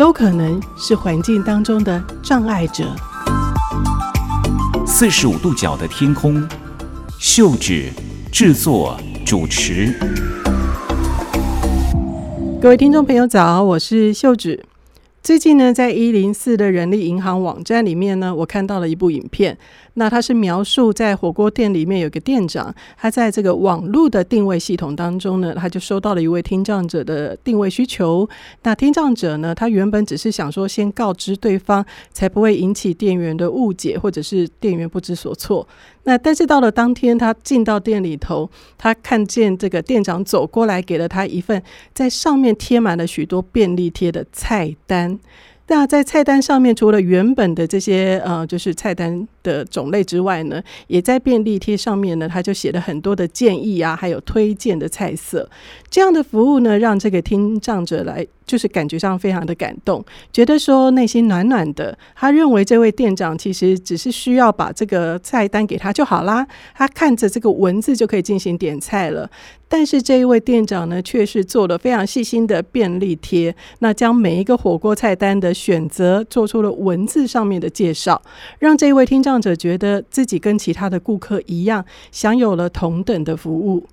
都可能是環境當中的障礙者。四十五度角的天空，秀芷製作主持。各位聽眾朋友早，我是秀芷。最近呢，在一零四的人力銀行網站裡面呢，我看到了一部影片。那他是描述在火鍋店裡面有個店長，他在這個網絡的定位系統當中呢，他就收到了一位聽障者的定位需求。那聽障者呢，他原本只是想說先告知對方，才不會引起店員的誤解，或者是店員不知所措。那但是到了當天，他進到店裡頭，他看見這個店長走過來，給了他一份在上面貼滿了許多便利貼的菜單。那在菜單上面，除了原本的這些呃，就是菜單的種類之外呢，也在便利貼上面呢，他就寫了很多的建議啊，還有推薦的菜色。這樣的服務呢，讓這個聽障者來，就是感覺上非常的感動，覺得說內心暖暖的。他認為這位店長其實只是需要把這個菜單給他就好啦，他看着這個文字就可以進行點菜了。但是這一位店長呢，卻是做了非常細心的便利貼，那將每一個火鍋菜單的。選擇做出了文字上面的介紹，讓這位聽障者覺得自己跟其他的顧客一樣，享有了同等的服務。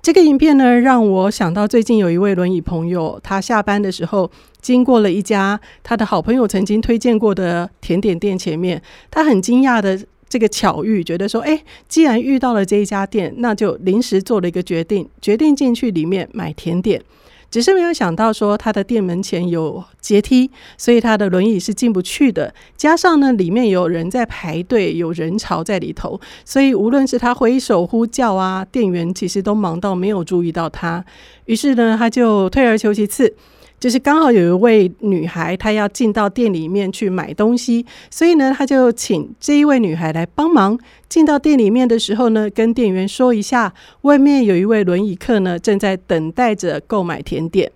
這個影片呢，讓我想到最近有一位輪椅朋友，他下班的時候經過了一家他的好朋友曾經推薦過的甜點店前面，他很驚訝的這個巧遇，覺得說：“哎，既然遇到了這一家店，那就臨時做了一個決定，決定進去裡面買甜點。”只是沒有想到，說他的店門前有階梯，所以他的輪椅是進不去的。加上呢，裡面有人在排隊，有人潮在裡頭，所以無論是他揮手呼叫啊，店員其實都忙到沒有注意到他。於是呢，他就退而求其次。就是剛好有一位女孩，她要進到店裡面去買東西，所以呢，他就請這一位女孩來幫忙。進到店裡面的時候呢，跟店員說一下，外面有一位輪椅客呢，正在等待着購買甜點。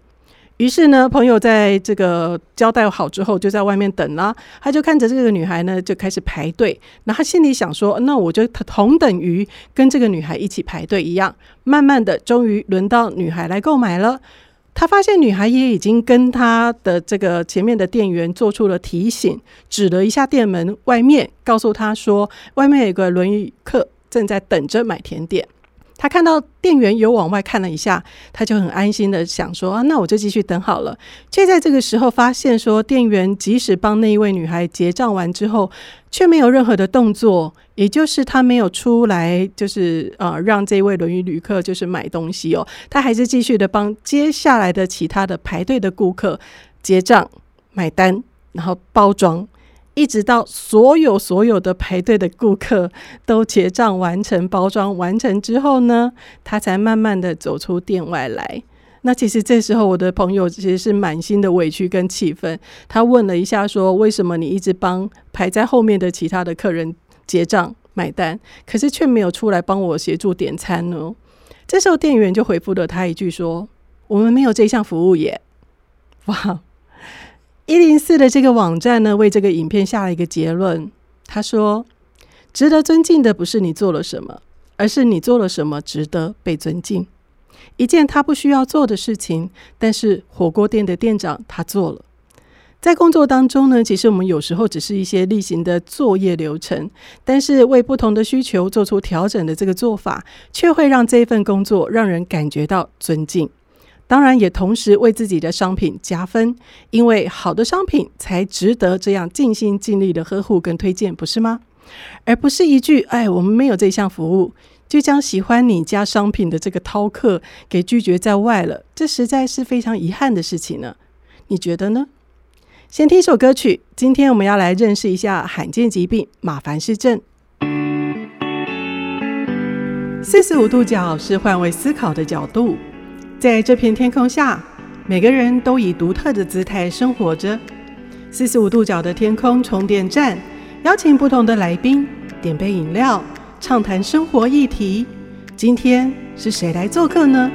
於是呢，朋友在這個交代好之後，就在外面等啦。他就看着這個女孩呢，就開始排隊。那他心裡想說，那我就同等於跟這個女孩一起排隊一樣。慢慢的，終於輪到女孩來購買了。他發現女孩也已經跟他的這個前面的店員做出了提醒，指了一下店門外面，告訴他說：“外面有個輪椅客正在等着買甜點。”他看到店員有往外看了一下，他就很安心的想說：“啊，那我就繼續等好了。”卻在這個時候發現說，店員即使幫那一位女孩結賬完之後，卻沒有任何的動作，也就是他沒有出來，就是呃讓這位輪椅旅客就是買東西哦，他還是繼續的幫接下來的其他的排隊的顧客結賬、買單，然後包裝。一直到所有所有的排隊的顧客都結賬完成、包裝完成之後呢，他才慢慢的走出店外來。那其實這時候，我的朋友其實是滿心的委屈跟氣憤。他問了一下，說：“為什麼你一直幫排在後面的其他的客人結賬買單，可是卻沒有出來幫我協助點餐呢？”這時候，店員就回復了他一句說：“說我們沒有這項服務耶。”哇！一零四的這個網站呢，為這個影片下了一個結論。他說：“值得尊敬的不是你做了什麼，而是你做了什麼值得被尊敬。”一件他不需要做的事情，但是火鍋店的店長他做了。在工作當中呢，其實我們有時候只是一些例行的作業流程，但是為不同的需求做出調整的這個做法，卻會讓這份工作讓人感覺到尊敬。當然，也同時為自己的商品加分，因為好的商品才值得這樣盡心盡力的呵護跟推薦，不是嗎？而不是一句“哎，我們沒有這項服務”，就將喜歡你家商品的這個饕客、er、給拒絕在外了，這實在是非常遺憾的事情呢。你覺得呢？先聽一首歌曲。今天我們要來認識一下罕見疾病馬凡氏症。四十五度角是換位思考的角度。在這片天空下，每個人都以獨特的姿態生活着。四十五度角的天空充電站，邀請不同的來賓點杯飲料，暢談生活議題。今天是誰來做客呢？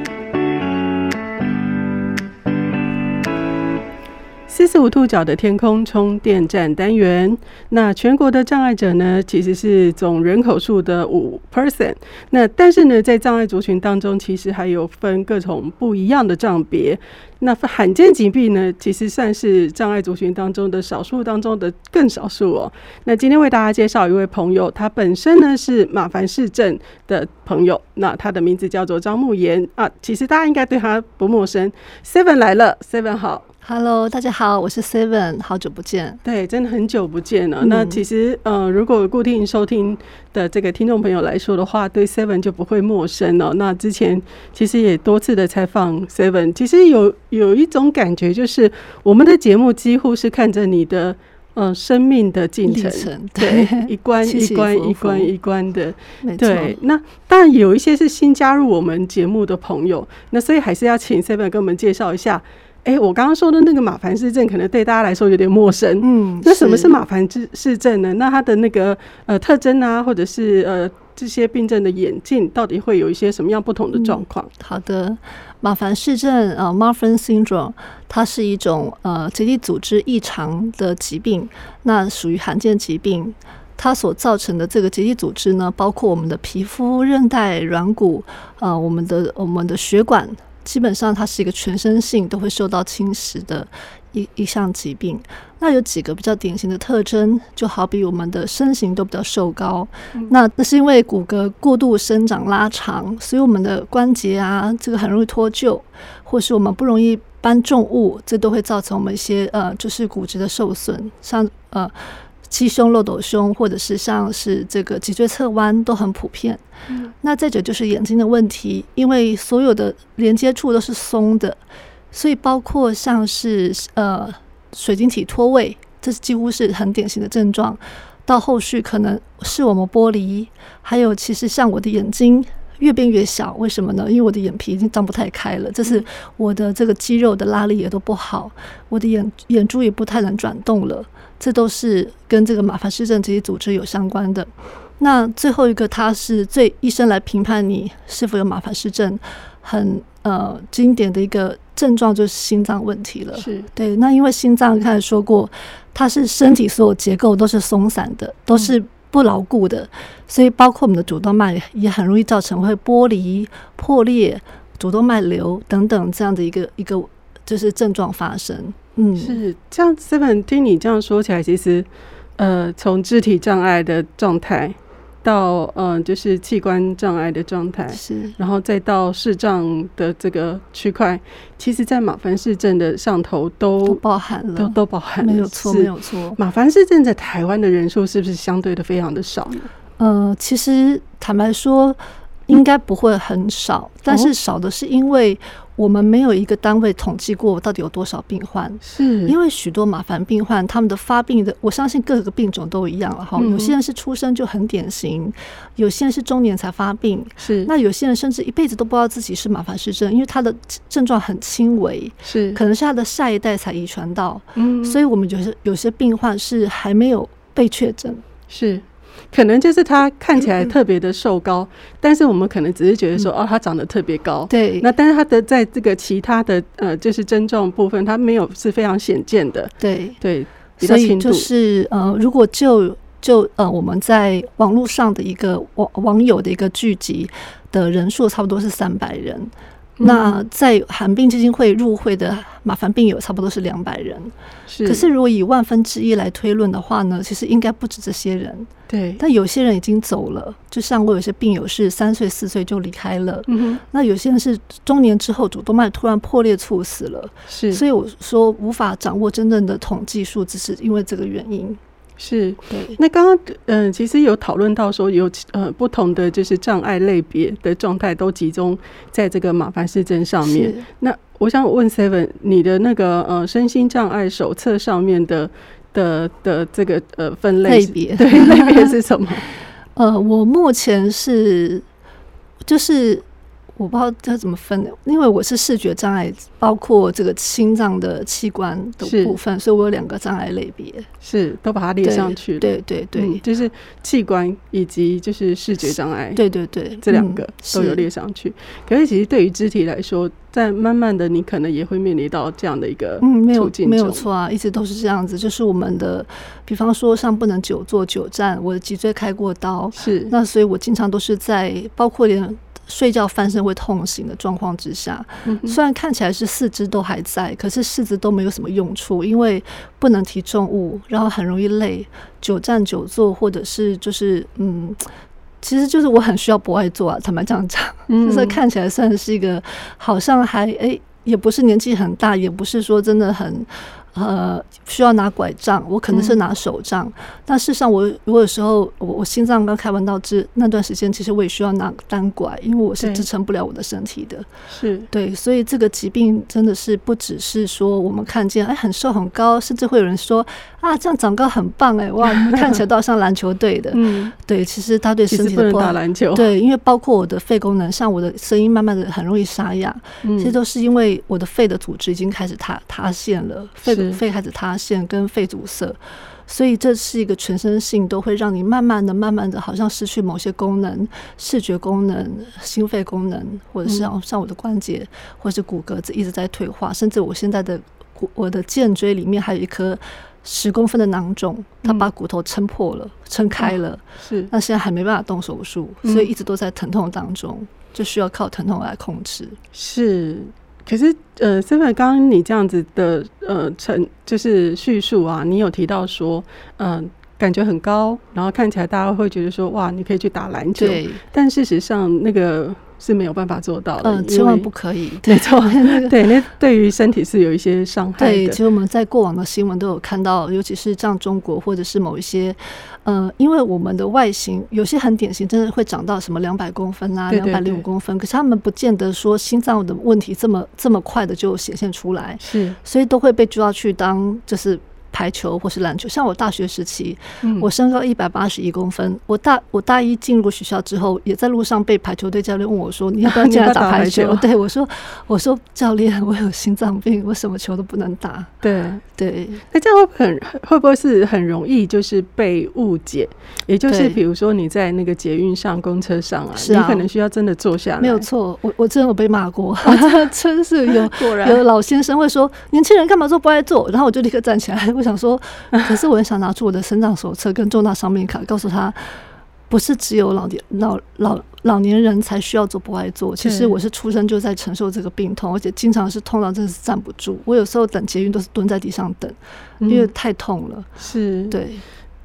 四十五度角的天空充電站單元。那全國的障礙者呢，其實是總人口數的五 percent。那但是呢，在障礙族群當中，其實還有分各種不一樣的障別。那罕見疾病呢，其實算是障礙族群當中的少數當中的更少數哦。那今天為大家介紹一位朋友，他本身呢是馬凡氏症的朋友。那他的名字叫做張沐妍啊，其實大家應該對他不陌生。Seven 來了，Seven 好。Hello，大家好，我是 Seven，好久不見。對，真的很久不見了。嗯、那其實，呃，如果有固定收聽的這個聽眾朋友來說的話，對 Seven 就不會陌生了。那之前其實也多次的採訪 Seven，其實有有一種感覺，就是我們的節目幾乎是看着你的，嗯、呃，生命的進程，歷程。對，一關一關一關一關、一關的，沒錯。對。那當然有一些是新加入我們節目的朋友，那所以還是要請 Seven 跟我們介紹一下。哎，我剛剛說的那個馬凡氏症可能對大家來說有點陌生。嗯，那什麼是馬凡氏症呢？那它的那個呃特徵啊，或者是呃這些病症的演進，到底會有一些什麼樣不同的狀況？嗯，好的，馬凡氏症啊，呃，Marfan syndrome，它是一種呃結締組織異常的疾病，那屬於罕見疾病。它所造成的這個結締組織呢，包括我們的皮膚、韌帶、軟骨，呃，我們的我們的血管。基本上它是一個全身性都會受到侵蝕的一一項疾病。那有幾個比較典型的特徵，就好比我們的身形都比較瘦高，嗯、那那是因為骨骼過度生長拉長，所以我們的關節啊，這個很容易脫臼，或是我們不容易搬重物，這都會造成我們一些呃，就是骨質的受損，像呃。雞胸、漏斗胸，或者是像是這個脊椎側彎，都很普遍。嗯，那再者就是眼睛的問題，因為所有的連接處都是鬆的，所以包括像是呃水晶體脫位，這幾乎是很典型的症狀。到後續可能視網膜剝離，還有其實像我的眼睛。越變越小，為什麼呢？因為我的眼皮已經張不太開了，嗯、這是我的這個肌肉的拉力也都不好，我的眼眼珠也不太能轉動了，這都是跟這個馬凡氏症這些組織有相關的。那最後一個，他是最醫生來評判你是否有馬凡氏症，很呃經典的一個症狀就是心臟問題了。是對，那因為心臟剛才說過，它是身體所有結構都是鬆散的，嗯、都是。不牢固的，所以包括我們的主動脈也很容易造成會剝離、破裂、主動脈瘤等等這樣的一個一個就是症狀發生。嗯，是這樣，Steven，聽你這樣說起來，其實呃，從肢體障礙的狀態。到嗯，就是器官障礙的狀態，是，然後再到視障的這個區塊，其實，在馬凡氏症的上頭都，都包含了，都都包含了，沒有錯，沒有錯。馬凡氏症在台灣的人數是不是相對的非常的少呢？呃，其實坦白說。應該不會很少，嗯、但是少的是因為我們沒有一個單位統計過到底有多少病患。是，因為許多馬凡病患他們的發病的，我相信各個病種都一樣了哈。嗯嗯，有些人是出生就很典型，有些人是中年才發病。是，那有些人甚至一輩子都不知道自己是馬凡氏症，因為他的症狀很輕微。是，可能是他的下一代才遺傳到。嗯、嗯，所以我們有些有些病患是還沒有被確診。是。可能就是他看起來特別的瘦高，嗯、但是我們可能只是覺得說，嗯、哦，他長得特別高。對，那但是他的在這個其他的呃，就是症狀部分，他沒有是非常顯見的。對對，對比較，所以就是呃，如果就就呃，我們在網絡上的一個網網友的一個聚集的人數，差不多是三百人。那在罕病基金會入會的馬凡病友差不多是兩百人，是。可是如果以萬分之一來推論的話呢，其實應該不止這些人。對。但有些人已經走了，就像我有些病友是三歲四歲就離開了。嗯哼。那有些人是中年之後主動脈突然破裂猝死了。是。所以我說無法掌握真正的統計數字，是因為這個原因。是，對。那剛剛嗯，其實有討論到說有呃不同的就是障礙類別的狀態都集中在這個馬凡氏症上面。是那我想問 Seven，你的那個呃身心障礙手冊上面的的的這個呃分類，類別對類別是什麼？ 呃，我目前是就是。我不知道它怎麼分的，因為我是視覺障礙，包括這個心臟的器官的部分，是所以我有兩個障礙類別，是都把它列上去對,對對對、嗯，就是器官以及就是視覺障礙，對對對，這兩個都有列上去。嗯、是可是其實對於肢體來說，在慢慢的，你可能也會面臨到這樣的一個處境嗯，沒有沒有錯啊，一直都是這樣子。就是我們的，比方說，上不能久坐久站，我的脊椎開過刀，是那所以，我經常都是在包括連。睡覺翻身會痛醒的狀況之下，嗯、哼雖然看起來是四肢都還在，可是四肢都沒有什麼用處，因為不能提重物，然後很容易累，久站久坐，或者是就是嗯，其實就是我很需要博愛座啊，坦白這樣講，嗯、就是看起來算是一個好像還哎、欸，也不是年紀很大，也不是說真的很。呃，需要拿拐杖，我可能是拿手杖。嗯、但事實上我，我如果有時候我我心臟剛開完刀治那段時間，其實我也需要拿單拐，因為我是支撐不了我的身體的。是對，對是所以這個疾病真的是不只是說我們看見，哎，很瘦很高，甚至會有人說。啊，這樣長高很棒哎！哇，看起來倒像籃球隊的。 嗯、對，其實他對身體的。打籃球。對，因為包括我的肺功能，像我的聲音慢慢的很容易沙啞，嗯、其實都是因為我的肺的組織已經開始塌塌陷了，肺肺開始塌陷跟肺阻塞，是所以這是一個全身性都會讓你慢慢的、慢慢的好像失去某些功能，視覺功能、心肺功能，或者是像我的關節或者是骨骼一直在退化，嗯、甚至我現在的我的頸椎裡面還有一顆。十公分的囊腫，他把骨頭撐破了，嗯、撐開了。嗯、是，那現在還沒辦法動手術，所以一直都在疼痛當中，嗯、就需要靠疼痛來控制。是，可是，呃，Simon，剛剛你這樣子的，呃，陳就是敘述啊，你有提到說，嗯、呃，感覺很高，然後看起來大家會覺得說，哇，你可以去打籃球，對但事實上那個。是沒有辦法做到的，嗯、呃，千萬不可以，對，沒錯， 對，那對於身體是有一些傷害的。對，其實我們在過往的新聞都有看到，尤其是像中國或者是某一些，呃，因為我們的外形有些很典型，真的會長到什麼兩百公分啦，啊，兩百零五公分，對對對，可是他們不見得說心臟的問題這麼這麼快的就顯現出來，是，所以都會被抓去當就是。排球或是籃球，像我大學時期，嗯、我身高一百八十一公分。我大我大一進入學校之後，也在路上被排球隊教練問我說：“你要不要進來打排球？”啊、排球對我說：“我說教練，我有心臟病，我什麼球都不能打。”對對，對，那這樣會很，會不會是很容易就是被誤解？也就是比如說你在那個捷運上、公車上啊，對你可能需要真的坐下來。啊、沒有錯，我我真的有被罵過，啊、 真是有果然有老先生會說：“年輕人幹嘛坐博愛座？”然後我就立刻站起來。想說，可是我也想拿出我的身障手冊跟重大傷病卡，告訴他，不是只有老年老老老年人才需要坐博愛座。其實我是出生就在承受這個病痛，而且經常是痛到真的是站不住。我有時候等捷運都是蹲在地上等，因為太痛了。是、嗯、對，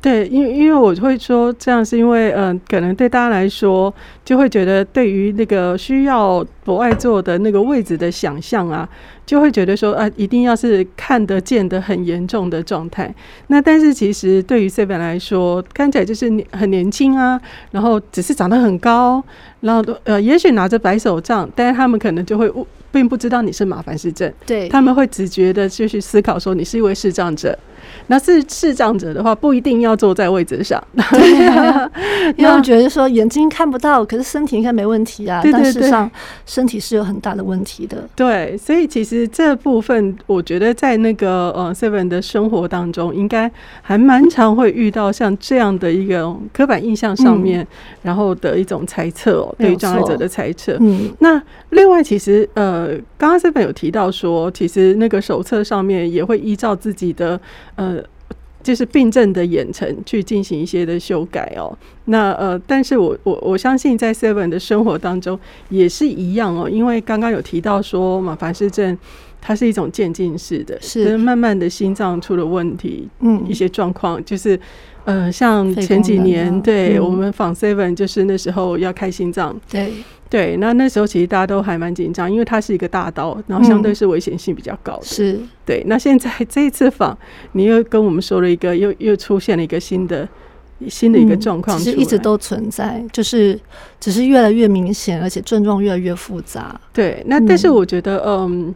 對，因因為我會說這樣，是因為嗯、呃，可能對大家來說，就會覺得對於那個需要博愛座的那個位置的想象啊。就會覺得說啊，一定要是看得見的很嚴重的狀態。那但是其實對於這邊來說，看起來就是很年輕啊，然後只是長得很高，然後呃，也許拿着白手杖，但是他們可能就會、呃、並不知道你是馬凡氏症。對，他們會直覺地就去思考說你是一位視障者。那是視障者的話，不一定要坐在位置上。對、啊， 那因為我覺得說眼睛看不到，可是身體應該沒問題啊。對對對，但事實上身體是有很大的問題的。對，所以其實。其實這部分，我覺得在那個呃，seven 的生活當中，應該還蠻常會遇到像這樣的一個刻板印象上面，然後的一種猜測哦，對於障礙者的猜測。嗯，那另外，其實呃，剛剛 seven 有提到說，其實那個手冊上面也會依照自己的呃。就是病症的演成，去進行一些的修改哦。那呃，但是我我我相信在 Seven 的生活當中也是一樣哦。因為剛剛有提到說嘛，馬凡氏症它是一種漸進式的，是，就是慢慢的心臟出了問題，嗯，一些狀況就是，呃，像前幾年，對我們仿 Seven 就是那時候要開心臟，嗯、對。對，那那時候其實大家都還蠻緊張，因為它是一個大刀，然後相對是危險性比較高的是、嗯、對。那現在這一次訪，你又跟我們說了一個，又又出現了一個新的、新的一個狀況、嗯，其實一直都存在，就是只是越來越明顯，而且症狀越來越複雜。對，那但是我覺得，嗯，嗯，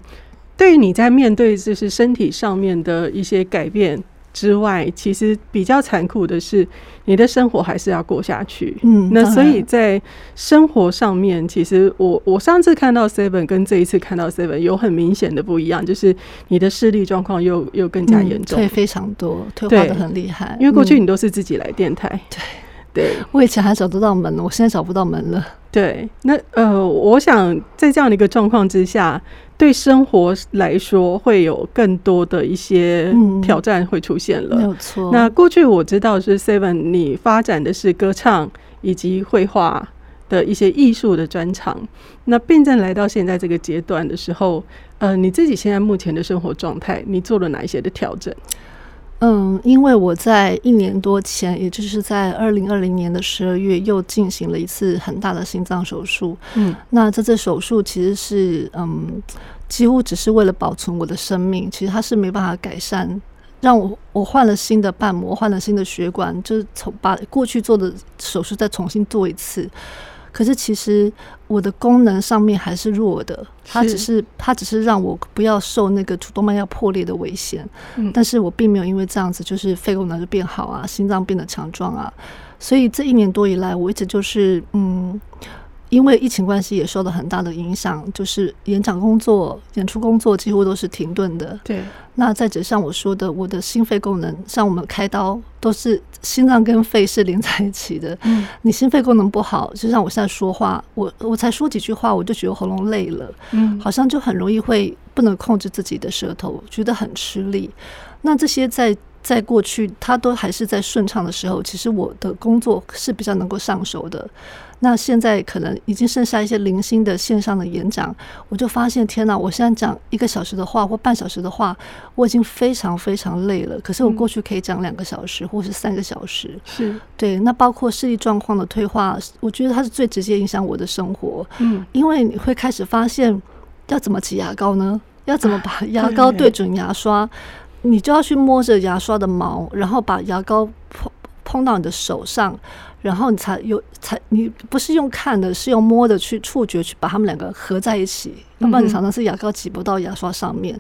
對於你在面對就是身體上面的一些改變。之外，其實比較殘酷的是，你的生活還是要過下去。嗯，那所以在生活上面，嗯、其實我我上次看到 Seven 跟這一次看到 Seven 有很明顯的不一樣，就是你的視力狀況又又更加嚴重、嗯，退非常多，退化得很厲害。對嗯、因為過去你都是自己來電台，對、嗯、對，對我以前還找得到門，我現在找不到門了。對，那呃，我想在這樣的一個狀況之下。對生活來說，會有更多的一些挑戰會出現了。嗯，沒有錯。那過去我知道是 Seven，你發展的是歌唱以及繪畫的一些藝術的專長。那病症來到現在這個階段的時候，呃，你自己現在目前的生活狀態，你做了哪一些的調整？嗯，因為我在一年多前，也就是在二零二零年的十二月，又進行了一次很大的心臟手術。嗯，那這次手術其實是嗯，幾乎只是為了保存我的生命，其實它是沒辦法改善，讓我我換了新的瓣膜，換了新的血管，就是從把過去做的手術再重新做一次。可是其實我的功能上面還是弱的，是它只是它只是讓我不要受那個主動脈要破裂的危險，嗯，但是我並沒有因為這樣子就是肺功能就變好啊，心臟變得強壯啊，所以這一年多以來我一直就是嗯。因為疫情關係也受到很大的影響，就是演講工作、演出工作幾乎都是停頓的。對，那再者像我說的，我的心肺功能，像我們開刀都是心臟跟肺是連在一起的。嗯，你心肺功能不好，就像我現在說話，我我才說幾句話，我就覺得喉嚨累了，嗯，好像就很容易會不能控制自己的舌頭，覺得很吃力。那這些在。在過去，它都還是在順暢的時候，其實我的工作是比較能夠上手的。那現在可能已經剩下一些零星的線上的演講，我就發現，天哪！我現在講一個小時的話或半小時的話，我已經非常非常累了。可是我過去可以講兩個小時或是三個小時。是、嗯、對。那包括視力狀況的退化，我覺得它是最直接影響我的生活。嗯，因為你會開始發現要怎麼擠牙膏呢？要怎麼把牙膏對準牙刷？ 你就要去摸着牙刷的毛，然後把牙膏碰碰到你的手上，然後你才有才，你不是用看的，是用摸的去觸覺去把它們兩個合在一起，嗯哼，要不然你常常是牙膏擠不到牙刷上面，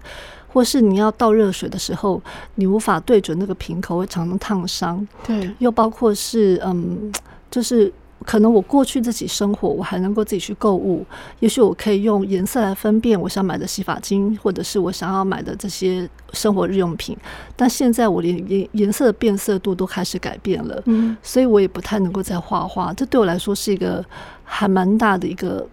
或是你要倒熱水的時候，你無法對準那個瓶口，會常常燙傷。對，又包括是嗯，就是。可能我過去自己生活，我還能夠自己去購物，也許我可以用顏色來分辨我想買的洗髮精，或者是我想要買的這些生活日用品。但現在我連顏顏色的變色度都開始改變了，嗯，所以我也不太能夠再畫畫。這對我來說是一個還蠻大的一個。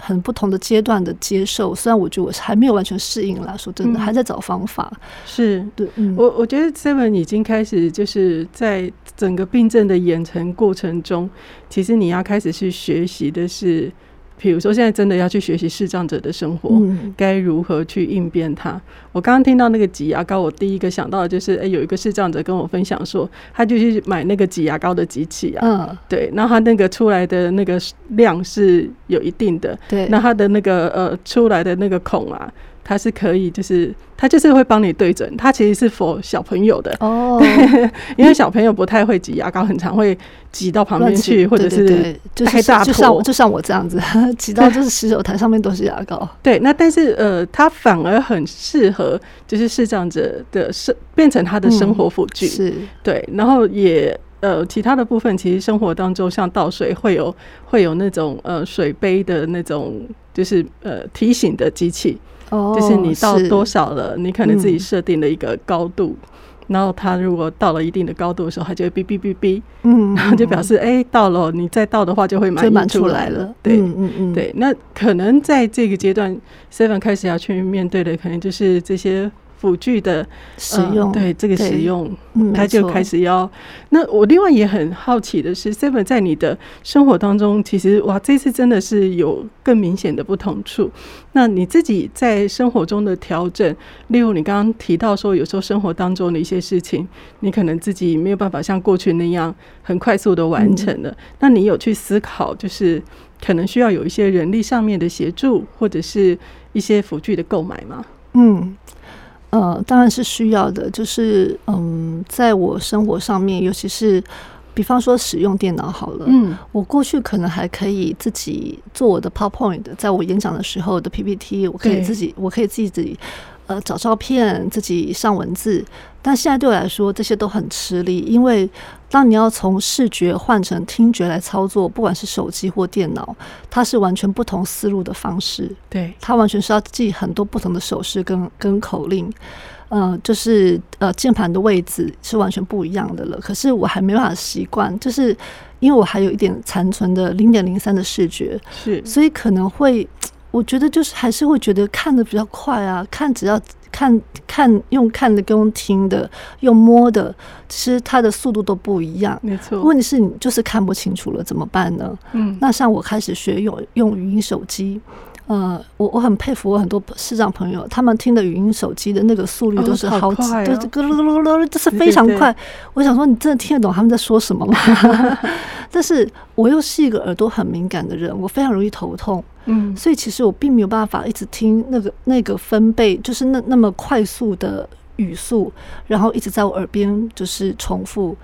很不同的階段的接受，雖然我覺得我還沒有完全適應啦，說真的，還在找方法。是、嗯、對，是我、嗯、我覺得 Seven 已經開始就是在整個病症的演成過程中，其實你要開始去學習的是。比如說，現在真的要去學習視障者的生活，該、嗯、如何去應變它？我剛剛聽到那個擠牙膏，我第一個想到的就是，哎、欸，有一個視障者跟我分享說，他就去買那個擠牙膏的機器啊，嗯、對，然後他那個出來的那個量是有一定的，那他對的那個呃出來的那個孔啊。它是可以，就是它就是會幫你對準。它其實是 for 小朋友的哦，oh. 因為小朋友不太會擠牙膏，很常會擠到旁邊去，對對對，或者是太大坨，就是就像，就像我這樣子，擠 到就是洗手台上面都是牙膏。對，那但是呃，它反而很適合，就是視障者的生變成他的生活輔具，嗯、是對，然後也呃其他的部分，其實生活當中像倒水會有會有那種呃水杯的那種，就是呃提醒的機器。就是你倒多少了，哦、你可能自己設定的一個高度，嗯、然後它如果到了一定的高度的時候，它就會嗶嗶嗶嗶，嗯，嗯，嗯，然後就表示哎、欸、到了，你再倒的話就會滿出，出來了。對，嗯嗯嗯，對，那可能在這個階段，seven 開始要去面對的，可能就是這些。輔具的使用，呃、對這個使用，他對就開始要。嗯、那我另外也很好奇的是，Seven 對在你的生活當中，其實哇，這次真的是有更明顯的不同處。那你自己在生活中的調整，例如你剛剛提到說，有時候生活當中的一些事情，你可能自己沒有辦法像過去那樣很快速的完成了。嗯、那你有去思考，就是可能需要有一些人力上面的協助，或者是一些輔具的購買嗎？嗯。呃，當然是需要的，就是嗯，在我生活上面，尤其是比方說使用電腦好了，嗯，我過去可能還可以自己做我的 PowerPoint，在我演講的時候的 PPT，我可以自己，對我可以自己，自己呃找照片，自己上文字，但現在對我來說，這些都很吃力，因為。當你要從視覺換成聽覺來操作，不管是手機或電腦，它是完全不同思路的方式。對，它完全是要記很多不同的手勢跟跟口令，呃，就是呃鍵盤的位置是完全不一樣的了。可是我還沒辦法習慣，就是因為我還有一點殘存的零點零三的視覺，是，所以可能會，我覺得就是還是會覺得看得比較快啊，看只要。看看用看的跟用聽的，用摸的，其實它的速度都不一樣。沒錯，問題是你就是看不清楚了，怎麼辦呢？嗯，那像我開始學用用語音手機。呃、嗯，我我很佩服我很多視障朋友，他們聽的語音手機的那個速率都是好幾，哦、好快啊，就是咯咯咯咯，就是非常快。對對對，我想說，你真的聽得懂他們在說什麼嗎？ 但是我又是一個耳朵很敏感的人，我非常容易頭痛。嗯，所以其實我並沒有辦法一直聽那個那個分貝，就是那那麼快速的語速，然後一直在我耳邊就是重複。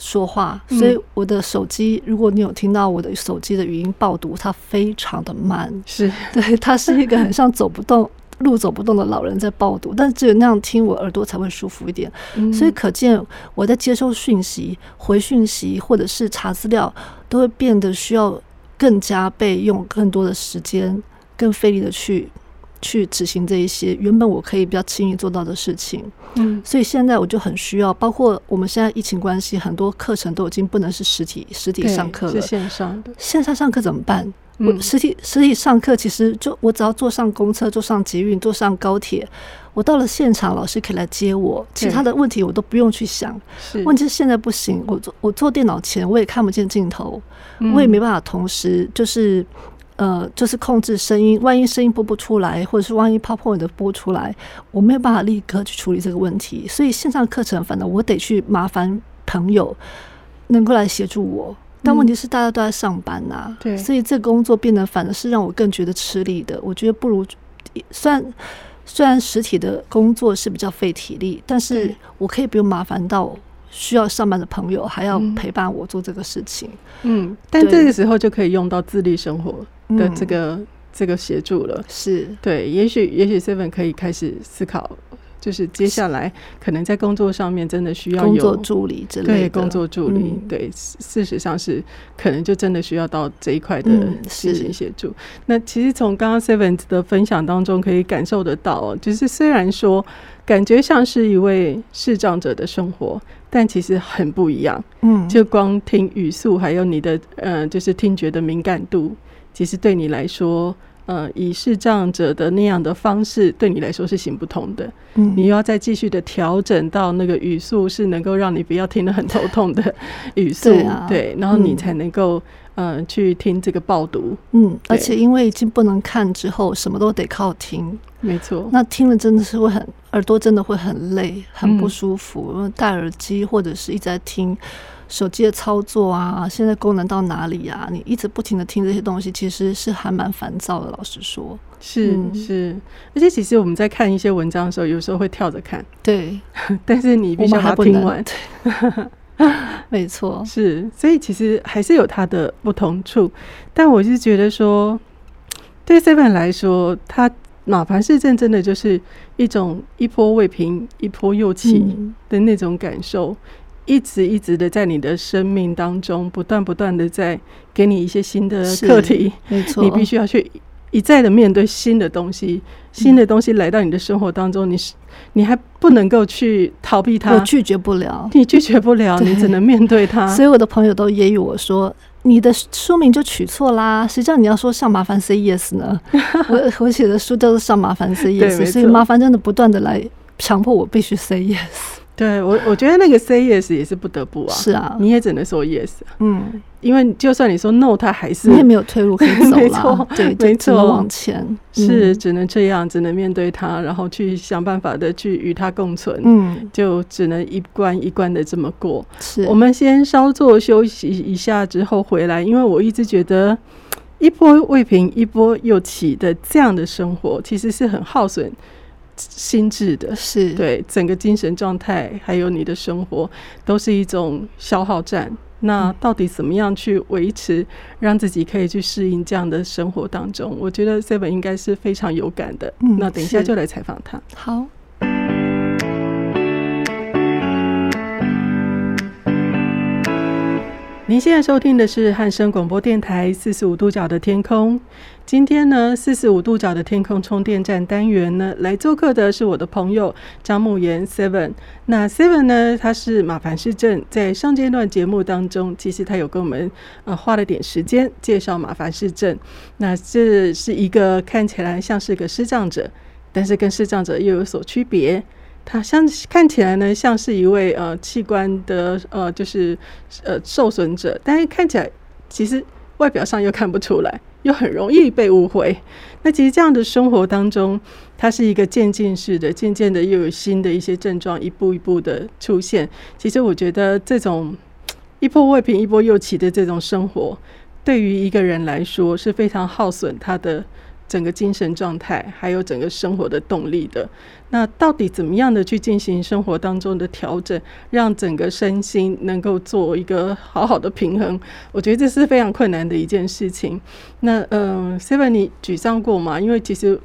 說話，所以我的手機，嗯、如果你有聽到我的手機的語音報讀，它非常的慢，是，對，它是一個很像走不動 路、走不動的老人在報讀，但只有那樣聽，我耳朵才會舒服一點。嗯、所以可見，我在接收訊息、回訊息或者是查資料，都會變得需要更加倍，用、更多的時間、更費力的去。去執行這一些原本我可以比較輕易做到的事情，嗯，所以現在我就很需要，包括我們現在疫情關係，很多課程都已經不能是實體實體上課了，是線上的線上上課怎麼辦？嗯、我實體實體上課，其實就我只要坐上公車、坐上捷運、坐上高鐵，我到了現場，老師可以來接我，其他的問題我都不用去想。是問題是現在不行，我坐我坐電腦前，我也看不見鏡頭，嗯、我也沒辦法同時就是。呃，就是控制聲音，萬一聲音播不出來，或者是萬一 PowerPoint 播出來，我沒有辦法立刻去處理這個問題，所以線上課程，反正我得去麻煩朋友能夠來協助我。但問題是大家都在上班吶、啊嗯，對，所以這個工作變得反而是讓我更覺得吃力的。我覺得不如，雖然雖然實體的工作是比較費體力，但是我可以不用麻煩到需要上班的朋友還要陪伴我做這個事情。嗯，對但這個時候就可以用到自立生活。的這個、嗯、這個協助了，是對，也許也許 Seven 可以開始思考，就是接下來可能在工作上面真的需要有工作助理之類的，對，工作助理，嗯、對，事實上是可能就真的需要到這一塊的事情協助。嗯、那其實從剛剛 Seven 的分享當中可以感受得到，就是雖然說感覺像是一位視障者的生活，但其實很不一樣，嗯，就光聽語速，還有你的嗯、呃，就是聽覺的敏感度。其實對你來說，呃，以視障者的那樣的方式，對你來說是行不通的。嗯，你又要再繼續的調整到那個語速，是能夠讓你不要聽得很頭痛的語速。對，啊、對，然後你才能夠嗯、呃、去聽這個報讀。嗯，對而且因為已經不能看之後，什麼都得靠聽。沒錯，那聽了真的是會很耳朵，真的會很累、很不舒服。嗯、因為戴耳機或者是一直在聽。手機的操作啊，現在功能到哪裡啊？你一直不停的聽這些東西，其實是還蠻煩躁的。老實說，是是，而且其實我們在看一些文章的時候，有時候會跳着看，對，但是你必須要把它聽完， 沒錯錯。是，所以其實還是有它的不同處。但我是覺得說，對 Seven 來說，他馬凡氏認真的，就是一種一波未平一波又起的那種感受。嗯一直一直的在你的生命當中不斷不斷的在給你一些新的課題，沒錯，你必須要去一再的面對新的東西，新的東西來到你的生活當中，你是、嗯、你還不能夠去逃避它，我拒絕不了，你拒絕不了，對你只能面對它。所以我的朋友都揶揄我說：“你的書名就取錯啦，誰叫你要說‘向麻煩 Say Yes’ 呢？” 我我寫的書都是向麻煩 Say Yes”，所以麻煩真的不斷的來強迫我必須 Say Yes。對，我我覺得那個 say yes 也是不得不啊。是啊，你也只能說 yes、啊、嗯，因為就算你說 no，他還是你也沒有退路， 沒錯，對沒錯，往前是、嗯、只能這樣，只能面對他，然後去想辦法的去與他共存，嗯，就只能一關一關的這麼過。是，我們先稍作休息一下之後回來，因為我一直覺得一波未平一波又起的這樣的生活，其實是很耗損。心智的是對整個精神狀態，還有你的生活，都是一種消耗戰。那到底怎麼樣去維持，讓自己可以去適應這樣的生活當中？我覺得 Seven 應該是非常有感的。嗯、那等一下就來採訪他。好，您現在收聽的是漢聲廣播電台四十五度角的天空。今天呢，四十五度角的天空充電站單元呢，來做客的是我的朋友張沐妍 Seven。那 Seven 呢，他是馬凡氏症，在上階段節目當中，其實他有跟我們呃花了點時間介紹馬凡氏症。那這是一個看起來像是個視障者，但是跟視障者又有所區別。他像看起來呢，像是一位呃器官的呃就是呃受損者，但是看起來其實外表上又看不出來。又很容易被誤會。那其實這樣的生活當中，它是一個漸進式的，漸漸的又有新的一些症狀，一步一步的出現。其實我覺得這種一波未平，一波又起的這種生活，對於一個人來說是非常耗損他的，整個精神狀態，還有整個生活的動力的，那到底怎麼樣的去進行生活當中的調整，讓整個身心能夠做一個好好的平衡？我覺得這是非常困難的一件事情。那嗯、呃、Seven，你沮喪過嗎？因為其實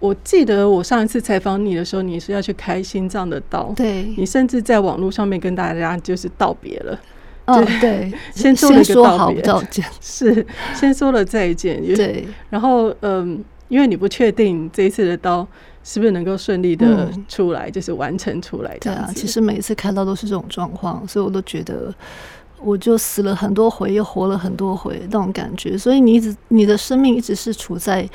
我記得我上一次採訪你的時候，你是要去開心臟的刀，對，你甚至在網絡上面跟大家就是道別了。就哦，對，先，先說好不講是先說了再見， 對。然後，嗯，因為你不確定這一次的刀是不是能夠順利的出來，嗯、就是完成出來的。對啊，其實每次開刀都是這種狀況，所以我都覺得，我就死了很多回，又活了很多回，那種感覺。所以你一直，你的生命一直是處在。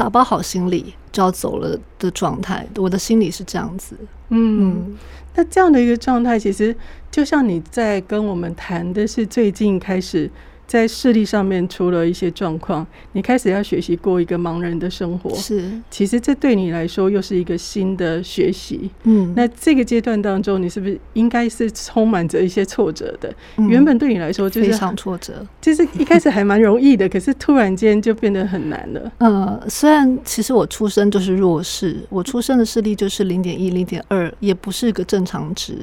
打包好行李就要走了的狀態，我的心裡是這樣子。嗯，嗯，那這樣的一個狀態，其實就像你在跟我們談的是最近開始。在視力上面出了一些狀況，你開始要學習過一個盲人的生活。是，其實這對你來說又是一個新的學習。嗯，那這個階段當中，你是不是應該是充滿着一些挫折的？嗯、原本對你來說就是非常挫折，就是一開始還蠻容易的， 可是突然間就變得很難了。呃，雖然其實我出生就是弱勢，我出生的視力就是零點一、零點二，也不是個正常值。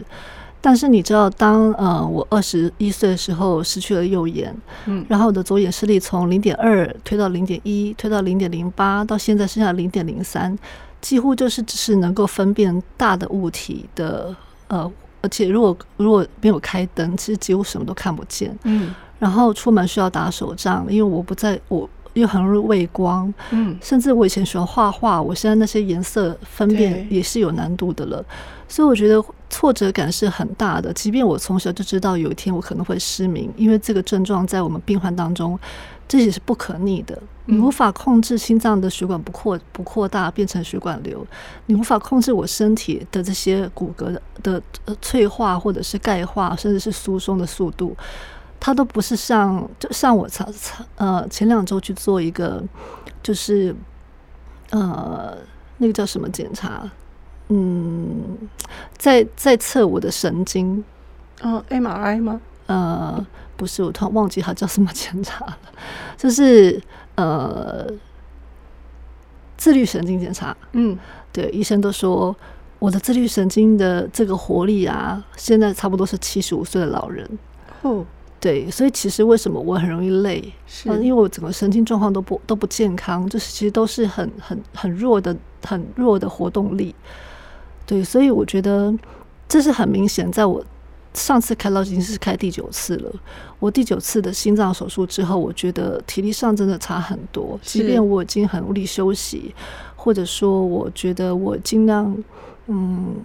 但是你知道當呃我二十一歲的時候失去了右眼，嗯，然後我的左眼視力從零點二推到零點一，推到零點零八，到現在剩下零點零三，幾乎就是只是能夠分辨大的物體的，呃，而且如果如果沒有開燈，其實幾乎什麼都看不見，嗯，然後出門需要打手杖，因為我不在，我。又很容易畏光，嗯，甚至我以前喜歡畫畫，我現在那些顏色分辨，也是有難度的了，對所以我覺得挫折感是很大的。即便我從小就知道有一天我可能會失明，因為這個症狀在我們病患當中，這也是不可逆的，你無法控制心臟的血管不擴不擴大變成血管瘤，你無法控制我身體的這些骨骼的的脆化或者是鈣化，甚至是疏鬆的速度。他都不是像，就像我查查呃，前兩周去做一個，就是呃，那個叫什麼檢查？嗯，在在測我的神經，嗯，MRI 嗎？呃，不是，我突然忘記他叫什麼檢查了，就是呃，自律神經檢查。嗯，對，醫生都說我的自律神經的這個活力啊，現在差不多是七十五歲的老人。哦。對，所以其實為什麼我很容易累？是，因為我整個神經狀況都不都不健康，就是其實都是很很很弱的，很弱的活動力。對，所以我覺得這是很明顯，在我上次開刀已經是開第九次了。我第九次的心臟手術之後，我覺得體力上真的差很多，即便我已經很無力休息，或者說我覺得我盡量。嗯，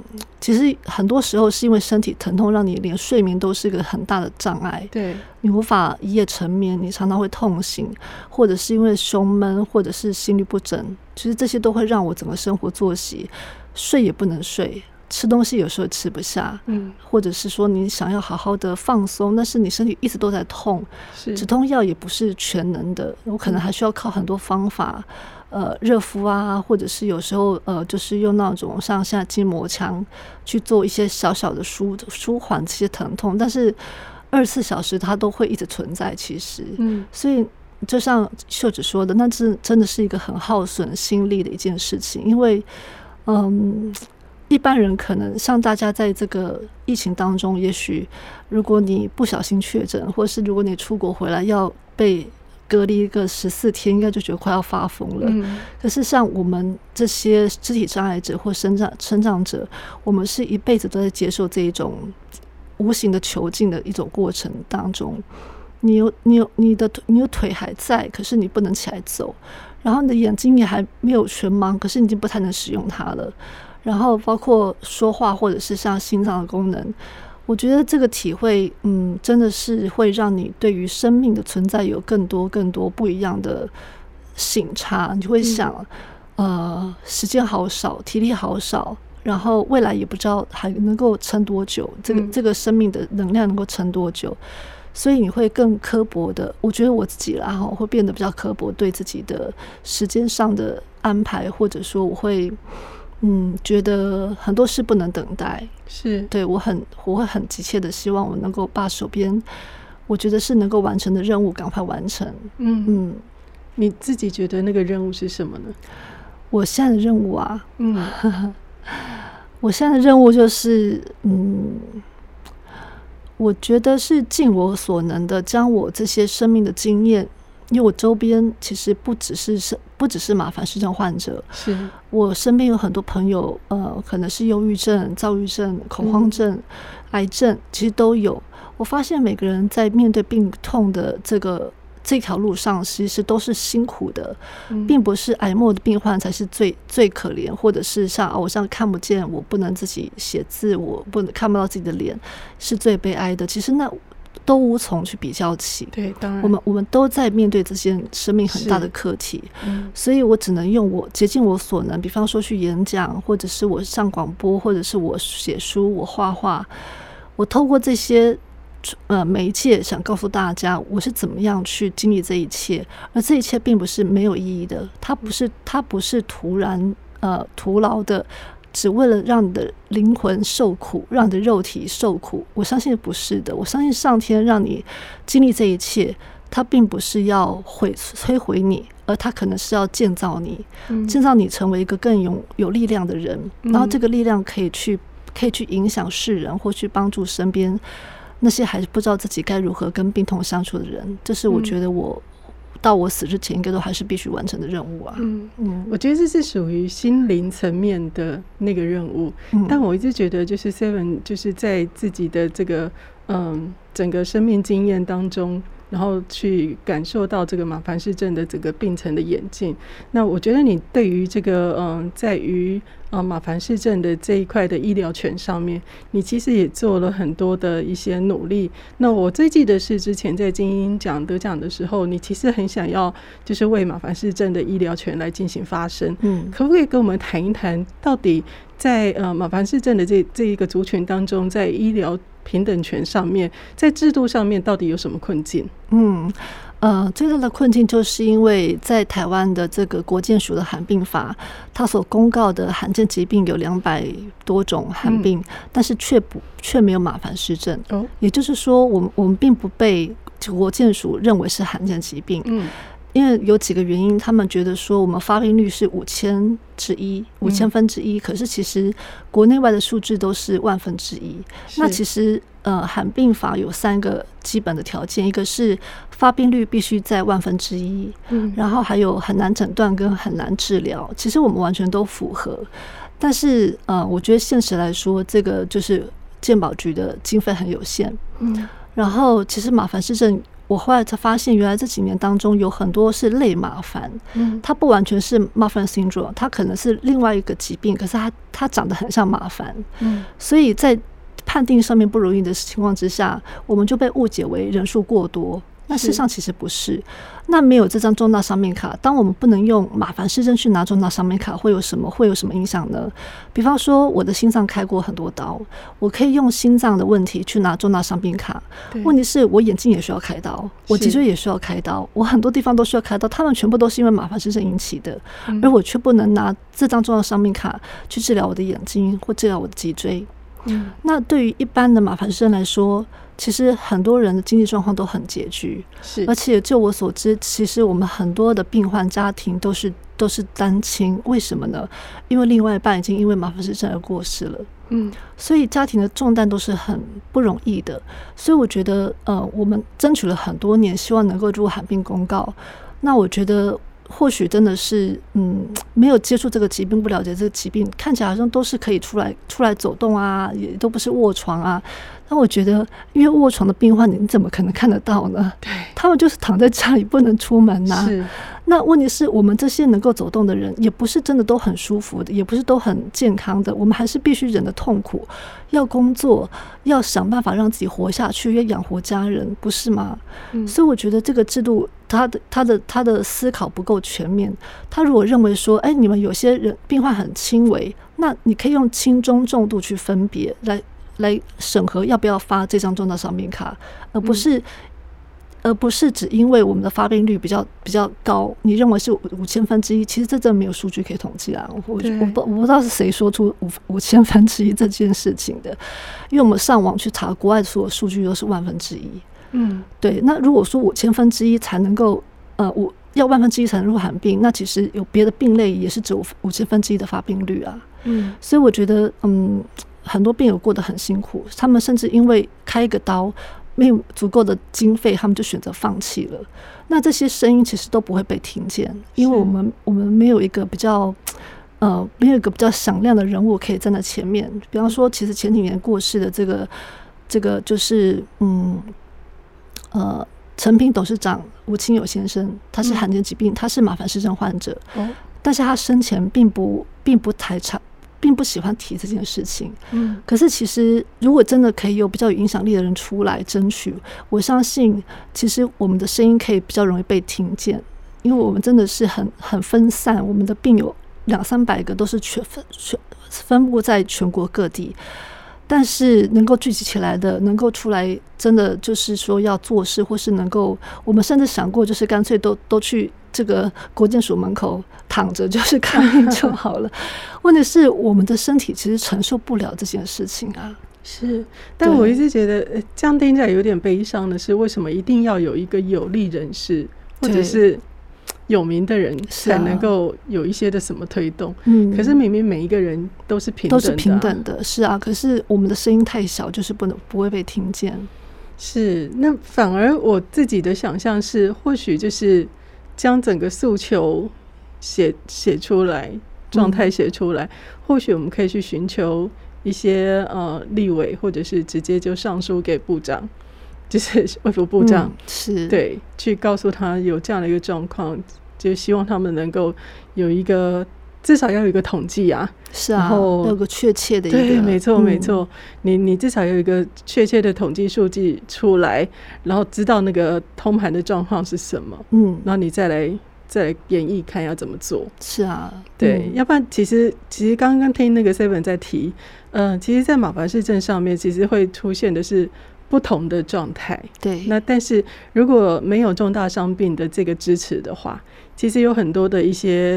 其實很多時候是因為身體疼痛，讓你連睡眠都是一個很大的障礙。對，你無法一夜成眠，你常常會痛醒，或者是因為胸悶，或者是心律不整，其實這些都會讓我整個生活作息，睡也不能睡。吃東西有時候吃不下，嗯，或者是說你想要好好的放鬆，但是你身體一直都在痛，是止痛藥也不是全能的，我、嗯、可能還需要靠很多方法，呃，熱敷啊，或者是有時候呃，就是用那種上下筋膜槍去做一些小小的舒舒緩這些疼痛，但是二十四小時它都會一直存在，其實，嗯、所以就像秀芷說的，那這真的是一個很耗損心力的一件事情，因為，嗯。一般人可能像大家在這個疫情當中，也許如果你不小心確診，或是如果你出國回來要被隔離一個十四天，應該就覺得快要發瘋了。可是像我們這些肢體障礙者或生長生長者，我們是一輩子都在接受這一種無形的囚禁的一種過程當中。你有你有你的你有腿，腿還在，可是你不能起來走，然後你的眼睛也還沒有全盲，可是你已經不太能使用它了。然後包括說話，或者是像心臟的功能，我覺得這個體會，嗯，真的是會讓你對於生命的存在有更多、更多不一樣的省察。你就會想，呃，時間好少，體力好少，然後未來也不知道還能夠撐多久，這個、嗯、這個生命的能量能夠撐多久，所以你會更刻薄的。我覺得我自己啦，哈，會變得比較刻薄，對自己的時間上的安排，或者說我會。嗯，覺得很多事不能等待，是，對，我很，我會很急切的希望，我能夠把手邊我覺得是能夠完成的任務趕快完成。嗯嗯，嗯，你自己覺得那個任務是什麼呢？我現在的任務啊，嗯， 我現在的任務就是，嗯，我覺得是盡我所能的將我這些生命的經驗。因為我周邊其實不只是是不只是馬凡氏症患者，是我身邊有很多朋友，呃，可能是憂鬱症、躁鬱症、恐慌症、嗯、癌症，其實都有。我發現每個人在面對病痛的這個這條路上，其實都是辛苦的，嗯、並不是癌末的病患才是最最可憐，或者是像、哦、我這樣看不見，我不能自己寫字，我不能看不到自己的臉，是最悲哀的。其實那，都無從去比較起，對，當然，我們我們都在面對這些生命很大的課題，嗯，所以我只能用我竭盡我所能，比方說去演講，或者是我上廣播，或者是我寫書、我畫畫，我透過這些呃媒介，想告訴大家我是怎麼樣去經歷這一切，而這一切並不是沒有意義的，它不是它不是突然、呃、徒然呃徒勞的。只為了讓你的靈魂受苦，讓你的肉體受苦，我相信不是的。我相信上天讓你經歷這一切，他並不是要毀摧毀你，而他可能是要建造你，建造你成為一個更有有力量的人，然後這個力量可以去可以去影響世人，或去幫助身邊那些還不知道自己該如何跟病痛相處的人。這是我覺得我。到我死之前，應該都還是必須完成的任務啊。嗯嗯，我覺得這是屬於心靈層面的那個任務。嗯、但我一直覺得，就是 Seven 就是在自己的這個嗯整個生命經驗當中。然後去感受到這個馬凡氏症的整個病程的演進。那我覺得你對於這個嗯，在於啊馬凡氏症的這一塊的醫療權上面，你其實也做了很多的一些努力。那我最記得是之前在金鷹獎得獎的時候，你其實很想要就是為馬凡氏症的醫療權來進行發聲。嗯，可不可以跟我們談一談，到底在呃馬凡氏症的這這一個族群當中，在醫療平等權上面，在制度上面到底有什麼困境？嗯，呃，最大的困境就是因為在台灣的這個國健署的罕見病法，它所公告的罕見疾病有兩百多種罕病，嗯、但是卻不卻沒有馬凡氏症。哦、也就是說，我們我們並不被國健署認為是罕見疾病。嗯。因為有幾個原因，他們覺得說我們發病率是五千之一，嗯、五千分之一，可是其實國內外的數字都是萬分之一。是那其實呃，罕病法有三個基本的條件，一個是發病率必須在萬分之一，嗯、然後還有很難診斷跟很難治療。其實我們完全都符合，但是呃，我覺得現實來說，這個就是健保局的經費很有限。嗯，然後其實馬凡氏症。我後來才發現，原來這幾年當中有很多是類馬凡、嗯、它不完全是馬凡症候，它可能是另外一個疾病，可是它他長得很像馬凡、嗯、所以在判定上面不容易的情況之下，我們就被誤解為人數過多。但事實上其實不是。那沒有這張重大傷病卡，當我們不能用馬凡氏症去拿重大傷病卡，會有什麼會有什麼影響呢？比方說，我的心臟開過很多刀，我可以用心臟的問題去拿重大傷病卡。問題是我眼睛也需要開刀，對我脊椎也需要開刀，是我很多地方都需要開刀，他們全部都是因為馬凡氏症引起的，而我卻不能拿這張重大傷病卡去治療我的眼睛或治療我的脊椎。那對於一般的馬凡氏症來說，其實很多人的經濟狀況都很拮據，是而且就我所知，其實我們很多的病患家庭都是都是單親，為什麼呢？因為另外一半已經因為馬凡氏症而過世了。嗯，所以家庭的重擔都是很不容易的。所以我覺得，呃，我們爭取了很多年，希望能夠入罕病公告。那我覺得。或許真的是，嗯，沒有接觸這個疾病，不了解這個疾病，看起來好像都是可以出來、出來走動啊，也都不是臥床啊。那我覺得，因為臥床的病患，你怎麼可能看得到呢？對，他們就是躺在家裡不能出門吶，啊。是。那問題是我們這些能夠走動的人，也不是真的都很舒服的，也不是都很健康的。我們還是必須忍着痛苦，要工作，要想辦法讓自己活下去，要養活家人，不是嗎？嗯，所以我覺得這個制度。他的他的他的思考不夠全面。他如果認為說，哎、欸，你們有些人病患很輕微，那你可以用輕中重度去分別來來審核要不要發這張重大傷病卡，而不是、嗯、而不是只因為我們的發病率比較比較高，你認為是五，五千分之一，其實這真的沒有數據可以統計啊。我我不我不知道是誰說出五五千分之一這件事情的，因為我們上網去查國外的所有數據都是萬分之一。嗯，對。那如果說五千分之一才能夠，呃，我要萬分之一才能入罕病，那其實有別的病類也是只有五千分之一的發病率啊。嗯，所以我覺得，嗯，很多病友過得很辛苦，他們甚至因為開一個刀沒有足夠的經費，他們就選擇放棄了。那這些聲音其實都不會被聽見，因為我們我們沒有一個比較，呃，沒有一個比較響亮的人物可以站在前面。比方說，其實前幾年過世的這個這個就是，嗯。呃，誠品董事長吳清友先生，他是罕見疾病，嗯、他是馬凡氏症患者，哦、但是他生前並不並不太常，並不喜歡提這件事情。嗯、可是其實如果真的可以有比較有影響力的人出來爭取，我相信其實我們的聲音可以比較容易被聽見，因為我們真的是很很分散，我們的病友兩三百個都是全分全分佈在全國各地。但是能夠聚集起來的，能夠出來真的就是說要做事，或是能夠，我們甚至想過，就是乾脆都都去這個國建署門口躺着就是看就好了。 問題是我們的身體其實承受不了這件事情啊。是，但我一直覺得對這樣聽起來有點悲傷的是，為什麼一定要有一個有力人士，或者是？有名的人才能夠有一些的什麼推動，是啊嗯、可是明明每一個人都是平等的啊、都是平等的，是啊，可是我們的聲音太小，就是不能不會被聽見。是，那反而我自己的想象是，或許就是將整個訴求寫寫出來，狀態寫出來，嗯、或許我們可以去尋求一些呃立委，或者是直接就上書給部長。就是衛福部長、嗯、是對，去告訴他有這樣的一個狀況，就希望他們能夠有一個至少要有一個統計啊，是啊然後有個確切的一個、啊、對，沒錯、嗯、沒錯，你你至少有一個確切的統計數據出來，然後知道那個通盤的狀況是什麼，嗯，然後你再來再來演繹看要怎麼做，是啊，對，嗯、要不然其實其實剛剛聽那個 seven 在提，嗯、呃，其實在馬凡氏症上面其實會出現的是。不同的狀態，對，那但是如果沒有重大傷病的這個支持的話，其實有很多的一些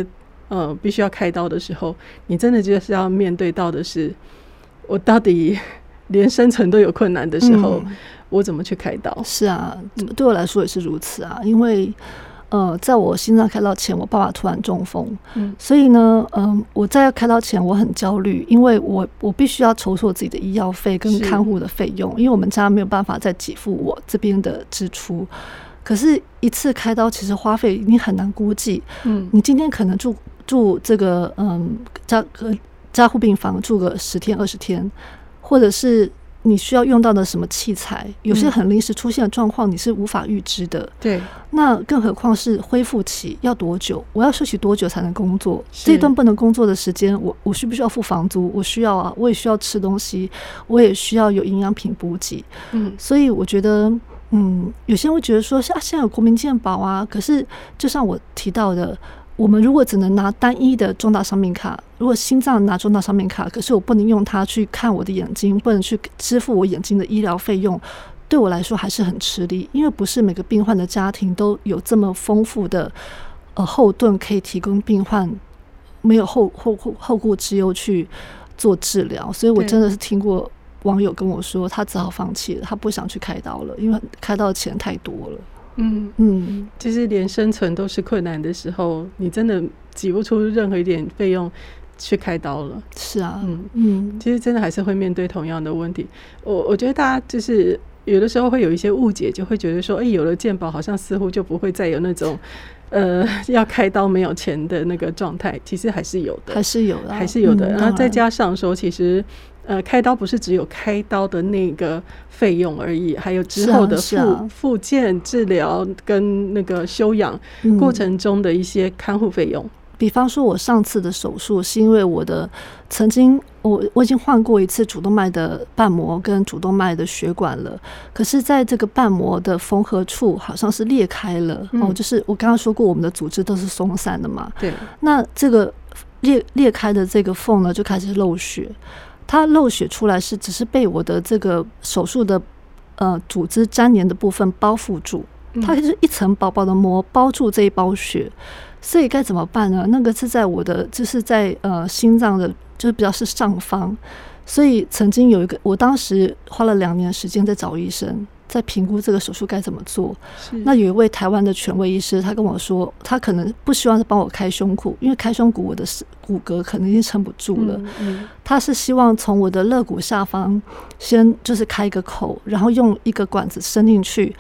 呃，嗯，必須要開刀的時候，你真的就是要面對到的是，我到底連生存都有困難的時候，嗯，我怎麼去開刀？是啊，對我來說也是如此啊，因為。呃，在我心臟開刀前，我爸爸突然中風，嗯、所以呢，嗯、呃，我在要開刀前，我很焦慮，因為我我必須要籌措自己的醫藥費跟看護的費用，是 因為我們家沒有辦法再給付我這邊的支出。可是，一次開刀其實花費你很難估計，嗯，你今天可能住住這個嗯加加加護病房住個十天二十天，或者是。你需要用到的什麼器材？有些很臨時出現的狀況，你是無法預知的。嗯、對，那更何況是恢復期要多久？我要休息多久才能工作？是這一段不能工作的時間，我我需不需要付房租？我需要啊，我也需要吃東西，我也需要有營養品補給。嗯，所以我覺得，嗯，有些人會覺得說，啊，現在有國民健保啊，可是就像我提到的。我們如果只能拿單一的重大傷病卡，如果心臟拿重大傷病卡，可是我不能用它去看我的眼睛，不能去支付我眼睛的醫療費用，對我來說還是很吃力。因為不是每個病患的家庭都有這麼豐富的呃後盾可以提供病患，沒有後後後後顧之憂去做治療，所以我真的是聽過網友跟我說，他只好放棄了，他不想去開刀了，因為開刀的錢太多了。嗯嗯，嗯，其實連生存都是困難的時候，你真的擠不出任何一點費用去開刀了。是啊，嗯嗯，嗯嗯，其實真的還是會面對同樣的問題。我我覺得大家就是有的時候會有一些誤解，就會覺得說，哎、欸，有了健保，好像似乎就不會再有那種呃要開刀沒有錢的那個狀態。其實還是有的，還是有，啊、還是有的，還是有的。然後再加上說，其實。呃，開刀不是只有開刀的那個費用而已，還有之後的復復健治療跟那個休養過程中的一些看護費用、嗯。比方說，我上次的手術是因為我的曾經我我已經換過一次主動脈的瓣膜跟主動脈的血管了，可是在這個瓣膜的縫合處好像是裂開了、嗯、哦，就是我剛剛說過，我們的組織都是鬆散的嘛，對。那這個裂裂開的這個縫呢，就開始漏血。它漏血出來是只是被我的這個手術的呃組織粘連的部分包覆住，它就是一層薄薄的膜包住這一包血，所以該怎麼辦呢？那個是在我的就是在呃心臟的，就是比較是上方，所以曾經有一個，我當時花了兩年時間在找醫生。在評估這個手術該怎麼做？是那有一位台灣的權威醫師，他跟我說，他可能不希望他幫我開胸骨，因為開胸骨我的骨骼可能已經撐不住了。嗯嗯、他是希望從我的肋骨下方先就是開一個口，然後用一個管子伸進去，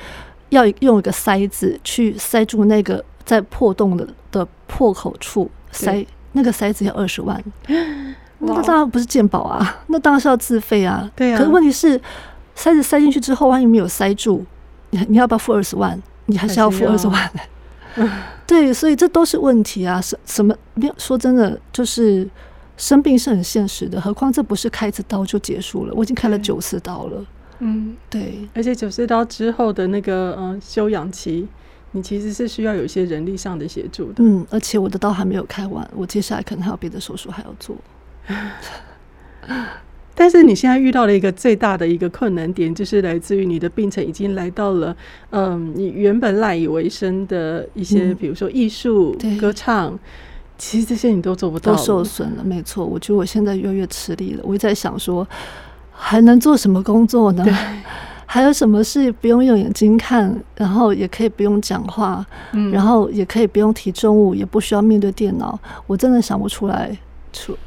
要用一個塞子去塞住那個在破洞的的破口處塞。對那個塞子要二十萬，哇那當然不是健保啊，那當然是要自費啊。對啊，可是問題是。塞子塞進去之後，萬一沒有塞住，你你要不要付二十萬？你還是要付二十萬。 對，所以這都是問題啊！什什麼，沒有？說真的，就是生病是很現實的。何況這不是開一次刀就結束了，我已經開了九次刀了。嗯，Okay. 對，而且九次刀之後的那個嗯、呃、休養期，你其實是需要有一些人力上的協助的。嗯，而且我的刀還沒有開完，我接下來可能還有別的手術還要做。 但是你現在遇到了一個最大的一個困難點，就是來自於你的病程已經來到了，嗯，你原本賴以為生的一些，嗯、比如說藝術、對歌唱，其實這些你都做不到，都受損了。沒錯。我覺得我現在越來越吃力了。我在想說，還能做什麼工作呢？對還有什麼事不用用眼睛看，然後也可以不用講話，嗯、然後也可以不用提重物，也不需要面對電腦，我真的想不出來。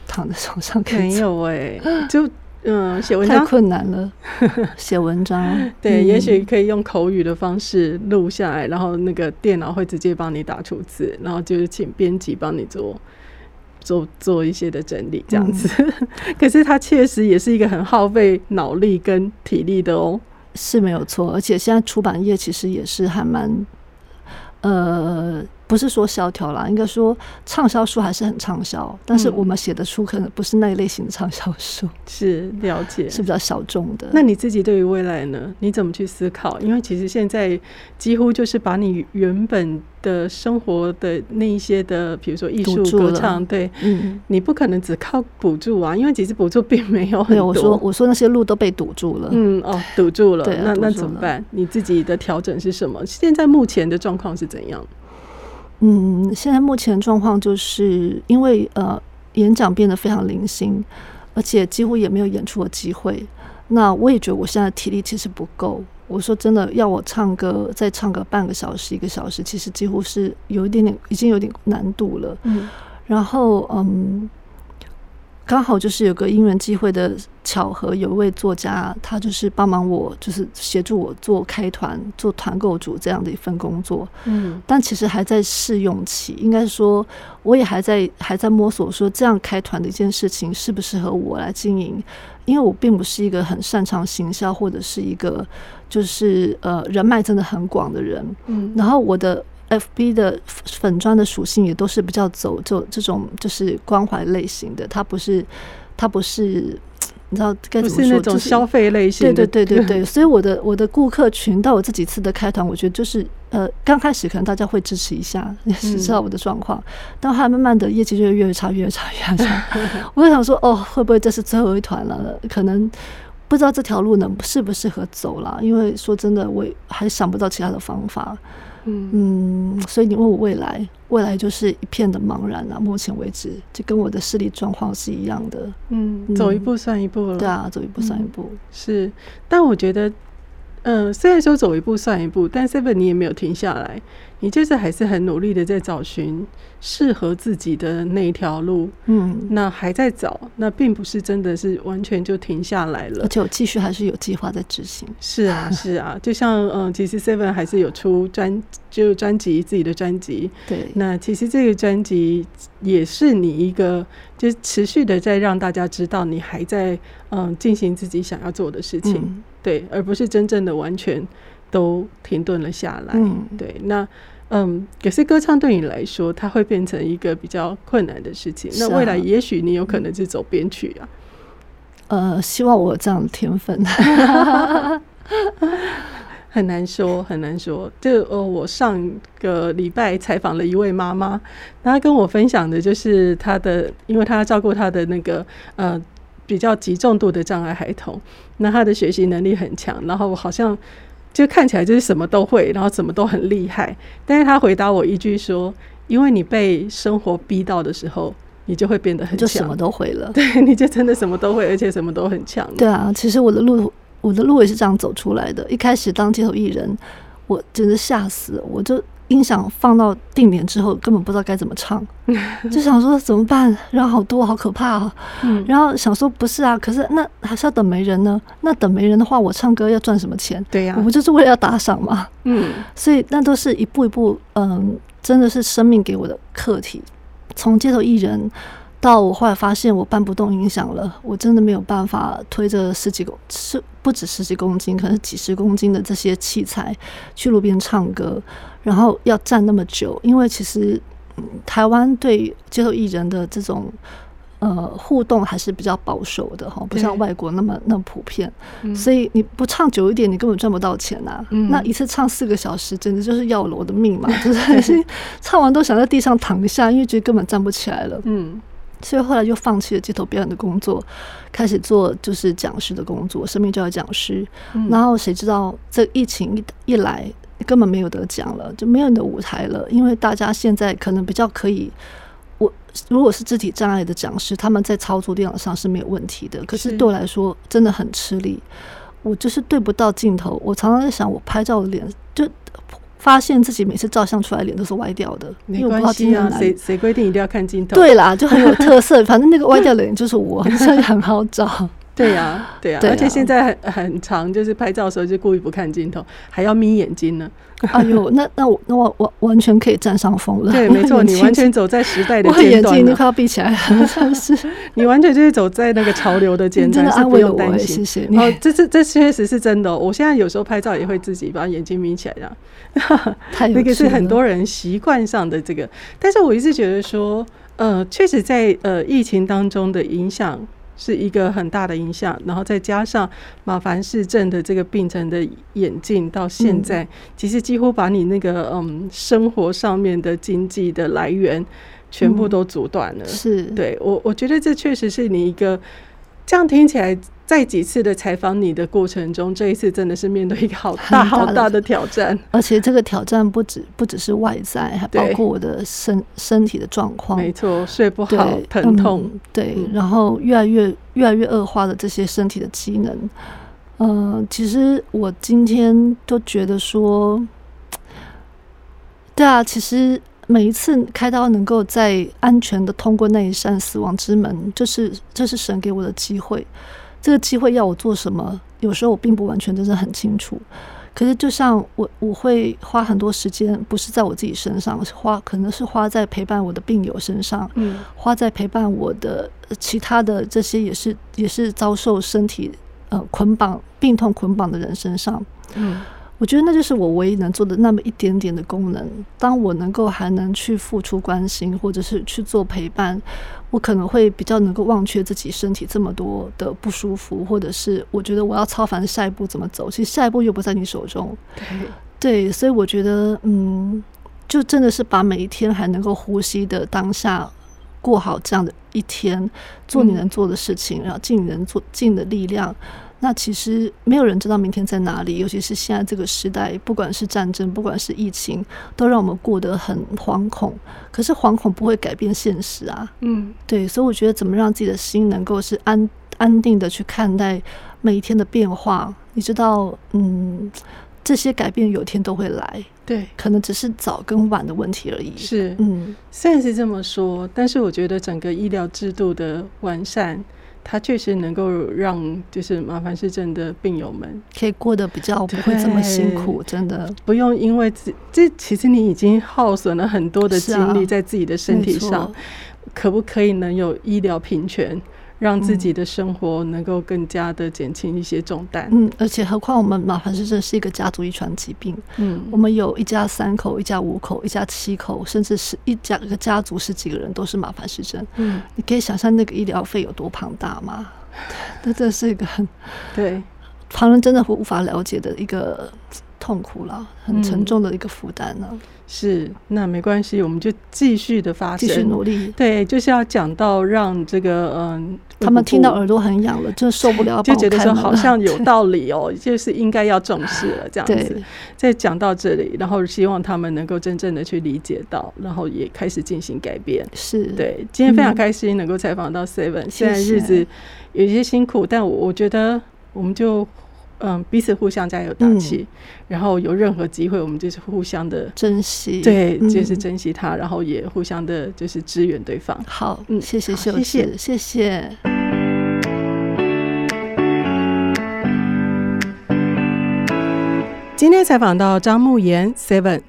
躺在床上沒有哎，就嗯、呃，寫文章太困難了。 寫文章、啊、對，嗯、也許可以用口語的方式錄下來，然後那個電腦會直接幫你打出字，然後就是請編輯幫你做做做一些的整理這樣子。嗯、 可是它確實也是一個很耗費腦力跟體力的哦，是沒有錯。而且現在出版業其實也是還蠻呃。不是說蕭條啦，應該說暢銷書還是很暢銷，但是我們寫的書可能不是那一類型的暢銷書，嗯、是了解，是比較小眾的。那你自己對於未來呢？你怎麼去思考？因為其實現在幾乎就是把你原本的生活的那一些的，比如說藝術歌唱，對，嗯，你不可能只靠補助啊，因為其實補助並沒有很多。對我說我說那些路都被堵住了，嗯哦堵住了，啊、那那怎麼辦？你自己的調整是什麼？現在目前的狀況是怎樣？嗯，現在目前狀況就是因為呃，演講變得非常零星，而且幾乎也沒有演出的機會。那我也覺得我現在的體力其實不夠。我說真的，要我唱歌再唱個半個小時、一個小時，其實幾乎是有一點點，已經有點難度了。嗯哼。嗯，然後嗯。剛好就是有個因緣機會的巧合，有一位作家，他就是幫忙我，就是協助我做開團、做團購主這樣的一份工作。嗯，但其實還在試用期，應該說我也還在還在摸索，說這樣開團的一件事情適不適合我來經營，因為我並不是一個很擅長行銷或者是一個就是呃人脈真的很廣的人。嗯，然後我的。FB 的粉專的屬性也都是比較走就這種就是關懷類型的，它不是它不是，你知道該怎麼說？不是那種消費類型的、就是。對對對對對， 所以我的我的顧客群到我這幾次的開團，我覺得就是呃剛開始可能大家會支持一下，也知道我的狀況，嗯、但後來慢慢的業績就越差越差越差， 我就想說哦會不會這是最後一團了？可能不知道這條路能適不適合走了，因為說真的我還想不到其他的方法。嗯，所以你問我未來，未來就是一片的茫然啦、啊，目前為止，就跟我的視力狀況是一樣的。嗯，走一步算一步了。對啊，走一步算一步。嗯，是，但我覺得。嗯，雖然說走一步算一步，但 Seven 你也沒有停下來，你就是還是很努力的在找尋適合自己的那一條路。嗯，那還在找，那並不是真的是完全就停下來了，而且我繼續還是有計劃在執行。是啊，是啊，就像嗯，其實 Seven 還是有出專，就專輯，自己的專輯。對， 那其實這個專輯也是你一個，就是持續的在讓大家知道你還在嗯進行自己想要做的事情。嗯對，而不是真正的完全都停頓了下來。嗯、對，那嗯，可是歌唱對你來說，它會變成一個比較困難的事情。啊、那未來也許你有可能是走編曲啊、嗯。呃，希望我有這樣的天分， 很難說，很難說。就呃，我上個禮拜採訪了一位媽媽，她跟我分享的就是她的，因為她要照顧她的那個呃。比較極重度的障礙孩童，那他的學習能力很強，然後我好像就看起來就是什麼都會，然後什麼都很厲害。但是他回答我一句說：“因為你被生活逼到的時候，你就會變得很強，就什麼都會了。”對，你就真的什麼都會，而且什麼都很強。對啊，其實我的路，我的路也是這樣走出來的。一開始當街頭藝人，我真的嚇死，我就。音響放到定點之後，根本不知道該怎麼唱， 就想說怎麼辦？然後好多好可怕啊！嗯、然後想說不是啊，可是那還是要等沒人呢。那等沒人的話，我唱歌要賺什麼錢？對呀、啊，我不就是為了要打賞嗎？嗯，所以那都是一步一步，嗯，真的是生命給我的課題。從街頭藝人到我後來發現我搬不動音響了，我真的沒有辦法推着十幾個是不止十幾公斤，可能幾十公斤的這些器材，去路邊唱歌，然後要站那麼久，因為其實，嗯，台灣對街頭藝人的這種呃互動還是比較保守的哈，不像外國那麼那麼普遍，對所以你不唱久一點，你根本賺不到錢吶啊。嗯，那一次唱四個小時，真的就是要了我的命嘛，嗯，就是，還是唱完都想在地上躺一下，因為覺得根本站不起來了。嗯。所以後來就放棄了街頭表演的工作，開始做就是講師的工作，生命教育講師。嗯、然後誰知道這疫情一,一來，根本沒有得講了，就沒有你的舞台了。因為大家現在可能比較可以，我如果是肢體障礙的講師，他們在操作電腦上是沒有問題的。可是對我來說真的很吃力，我就是對不到鏡頭。我常常在想，我拍照的臉就。發現自己每次照相出來臉都是歪掉的，沒關係啊，誰誰規定一定要看鏡頭？對啦，就很有特色。 反正那個歪掉的臉就是我， 所以很好找。對呀，對呀，而且現在很長，就是拍照的時候就故意不看鏡頭，還要眯眼睛呢。哎呦，那那我那我我完全可以佔上風了。對，沒錯，你完全走在時代的尖端，你快要閉起來了，是你完全就是走在那個潮流的尖端。不用擔心，謝謝哦，這是這確實是真的。我現在有時候拍照也會自己把眼睛眯起來呀。那個是很多人習慣上的這個，但是我一直覺得說，呃，確實在呃疫情當中的影響。是一個很大的影響，然後再加上馬凡氏症的這個病程的演進，到現在、嗯、其實幾乎把你那個嗯生活上面的經濟的來源全部都阻斷了。嗯、是，對我，我覺得這確實是你一個。這樣聽起來，在幾次的採訪你的過程中，這一次真的是面對一個好大好大的挑戰。而且這個挑戰不止不只是外在，對還包括我的身身體的狀況。沒錯，睡不好，對疼痛、嗯，對，然後越來越越來越惡化了這些身體的機能。嗯、呃，其實我今天都覺得說，對啊，其實。每一次開刀，能夠在安全地通過那一扇死亡之門，這是、這是神給我的機會。這個機會要我做什麼？有時候我並不完全真的很清楚。可是，就像我，我會花很多時間，不是在我自己身上花，可能是花在陪伴我的病友身上，嗯、花在陪伴我的其他的這些也是也是遭受身體呃捆綁、病痛捆綁的人身上，嗯。我覺得那就是我唯一能做的那麼一點點的功能。當我能夠還能去付出關心，或者是去做陪伴，我可能會比較能夠忘卻自己身體這麼多的不舒服，或者是我覺得我要操煩下一步怎麼走？其實下一步又不在你手中。對，對，所以我覺得，嗯，就真的是把每一天還能夠呼吸的當下過好，這樣的一天，做你能做的事情，嗯、然後盡你能做盡的力量。那其實沒有人知道明天在哪裡，尤其是現在這個時代，不管是戰爭，不管是疫情，都讓我們過得很惶恐。可是惶恐不會改變現實啊。嗯，對，所以我覺得怎麼讓自己的心能夠是安安定的去看待每一天的變化，你知道，嗯，這些改變有一天都會來。對，可能只是早跟晚的問題而已。是，嗯，雖然是這麼說，但是我覺得整個醫療制度的完善。他確實能夠讓就是馬凡氏症的病友們可以過得比較不會這麼辛苦，對真的不用因為這，其實你已經耗損了很多的精力在自己的身體上，啊、可不可以能有醫療平權？讓自己的生活能夠更加的減輕一些重擔。嗯，而且何況我們馬凡氏症是一個家族遺傳疾病。嗯，我們有一家三口、一家五口、一家七口，甚至是一家、一個家族十幾個人都是馬凡氏症。嗯，你可以想象那個醫療費有多龐大嗎？ 那這是一個很對，旁人真的無，無法了解的一個。痛苦了，很沉重的一個負擔了。是，那沒關係，我們就繼續的發聲，繼續努力。對，就是要講到讓這個嗯，他們聽到耳朵很癢了，就受不了， 就覺得說好像有道理哦、喔， 就是應該要重視了這樣子。再講對到這裡，然後希望他們能夠真正的去理解到，然後也開始進行改變。是對，今天非常開心能夠採訪到 Seven，現在日子有些辛苦，但我，我覺得我們就。嗯，彼此互相加油打氣，嗯、然後有任何機會，我們就是互相的珍惜，對，就是珍惜他，嗯、然後也互相的就是支援對方。好，嗯謝謝秀芷好，謝謝謝。謝謝謝。謝謝。今天採訪到張沐妍 Seven，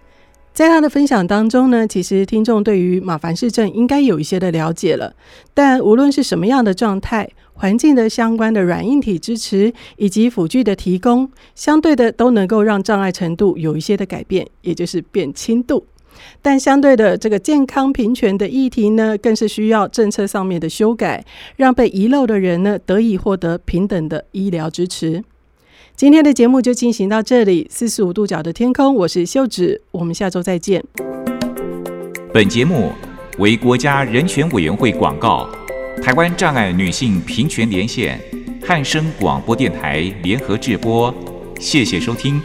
在他的分享當中呢，其實聽眾對於馬凡氏症應該有一些的了解了，但無論是什麼樣的狀態，環境的相關的軟硬體支持以及輔具的提供，相對的都能夠讓障礙程度有一些的改變，也就是變輕度。但相對的，這個健康平權的議題呢，更是需要政策上面的修改，讓被遺漏的人呢得以獲得平等的醫療支持。今天的節目就進行到這裡，四十五度角的天空，我是秀芷，我們下周再見。本節目為國家人權委員會廣告。台灣障礙女性平權連線，漢聲廣播電臺聯合製播，謝謝收聽。